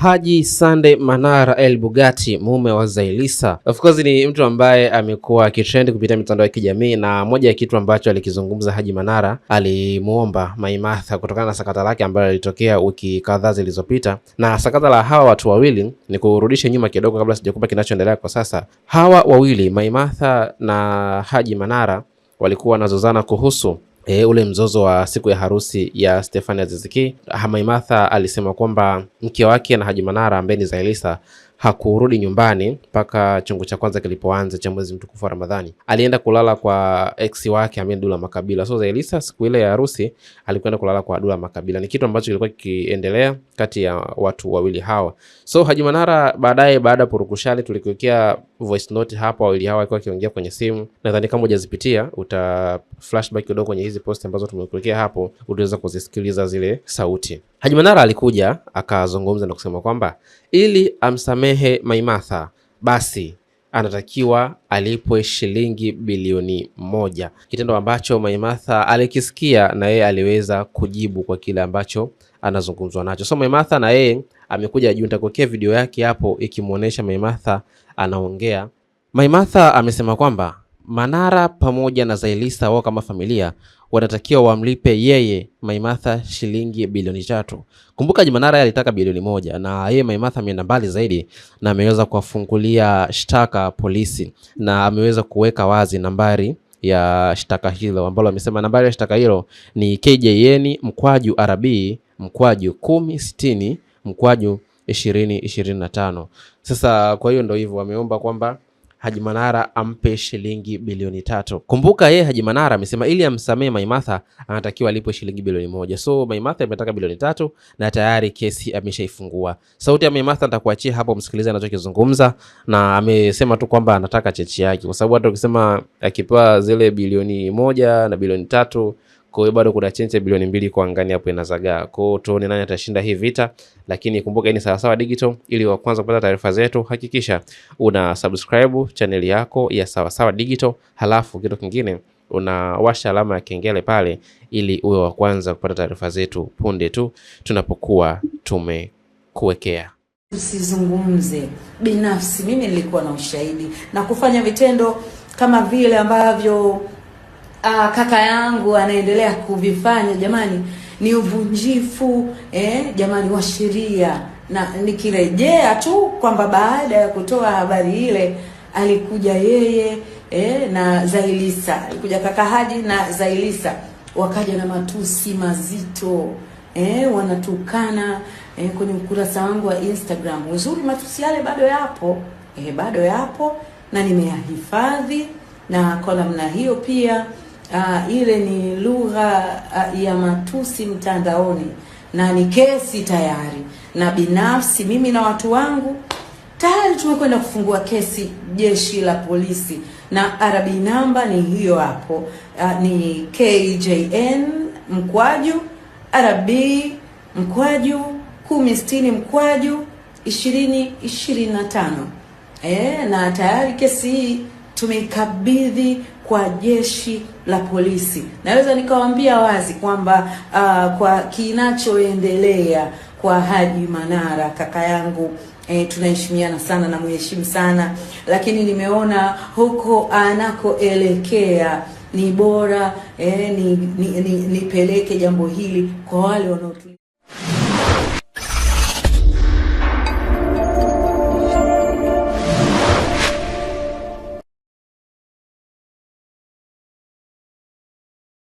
Haji Sande Manara El Bugatti, mume wa Zailisa, of course ni mtu ambaye amekuwa akitrend kupitia mitandao ya kijamii, na moja ya kitu ambacho alikizungumza Haji Manara, alimuomba Maimartha kutokana na sakata lake ambayo lilitokea wiki kadhaa zilizopita. Na sakata la hawa watu wawili ni kurudisha nyuma kidogo, kabla sijakupa kinachoendelea kwa sasa. Hawa wawili Maimartha na Haji Manara walikuwa wanazozana kuhusu E, ule mzozo wa siku ya harusi ya Stefania Ziziki, Hamaimatha alisema kwamba mke wake na Haji Manara ambaye ni Zailisa hakurudi nyumbani mpaka chungu cha kwanza kilipoanza cha mwezi mtukufu wa Ramadhani. Alienda kulala kwa ex wake ambaye Dula Makabila. So Zailisa siku ile ya harusi alikwenda kulala kwa Dula Makabila, ni kitu ambacho kilikuwa kikiendelea kati ya watu wawili hawa. So Haji Manara baadaye, baada ya purukushani, tulikuwekea voice note hapo wawili hawa walikuwa wakiongea kwenye simu. Nadhani kama hujazipitia uta flashback kidogo kwenye hizi post ambazo tumekuwekea hapo, utaweza kuzisikiliza zile sauti. Haji Manara alikuja akazungumza na kusema kwamba ili amsamehe Maimartha basi anatakiwa alipwe shilingi bilioni moja, kitendo ambacho Maimartha alikisikia na yeye aliweza kujibu kwa kile ambacho anazungumzwa nacho. So Maimartha na yeye amekuja juu, nitakuwekea video yake hapo ikimuonesha Maimartha anaongea. Maimartha amesema kwamba Manara pamoja na Zailisa wao kama familia wanatakiwa wamlipe yeye Maimartha shilingi bilioni tatu. Kumbuka Manara alitaka bilioni moja na yeye Maimartha ameenda mbali zaidi na ameweza kuwafungulia shtaka polisi na ameweza kuweka wazi nambari ya shtaka hilo ambalo amesema nambari ya shtaka hilo ni KJN mkwaju RB mkwaju kumi sitini mkwaju ishirini ishirini na tano. Sasa kwa hiyo ndo hivyo wameomba kwamba Haji Manara ampe shilingi bilioni tatu. Kumbuka yeye Haji Manara amesema ili amsamee Maimatha anatakiwa alipwe shilingi bilioni moja. So Maimatha imetaka bilioni tatu na tayari kesi ameshaifungua. Sauti ya Maimatha nitakuachia hapo msikilize anachokizungumza na amesema tu kwamba anataka chechi yake kwa sababu hata ukisema akipewa zile bilioni moja na bilioni tatu kwa hiyo bado kuna chance bilioni mbili kwa angani hapo inazagaa. Kwa hiyo tuone nani atashinda hii vita, lakini kumbuka hii ni Sawasawa Digital. Ili wa kwanza kupata taarifa zetu, hakikisha una subscribe chaneli yako ya Sawasawa Digital, halafu kitu kingine unawasha alama ya kengele pale, ili uwe wa kwanza kupata taarifa zetu punde tu tunapokuwa tumekuwekea. tusizungumze binafsi, mimi nilikuwa na ushahidi na kufanya vitendo kama vile ambavyo uh, kaka yangu anaendelea kuvifanya, jamani ni uvunjifu eh, jamani wa sheria. Na nikirejea tu kwamba baada ya kutoa habari ile alikuja yeye eh, na Zailisa, alikuja kaka Haji na Zailisa wakaja na matusi mazito eh, wanatukana eh, kwenye ukurasa wangu wa Instagram. Uzuri matusi yale bado yapo eh, bado yapo na nimeyahifadhi na kwa namna hiyo pia uh, ile ni lugha uh, ya matusi mtandaoni na ni kesi tayari, na binafsi mimi na watu wangu tayari tumekwenda kufungua kesi jeshi la polisi, na RB namba ni hiyo hapo, uh, ni KJN mkwaju RB mkwaju kumi sitini mkwaju ishirini ishirini na tano. E, na tayari kesi hii tumeikabidhi kwa jeshi la polisi. Naweza nikawaambia wazi kwamba uh, kwa kinachoendelea kwa Haji Manara kaka yangu E, tunaheshimiana sana na mheshimu sana lakini nimeona huko anakoelekea ni bora e, eh, nipeleke ni, ni, ni jambo hili kwa wale wanaotu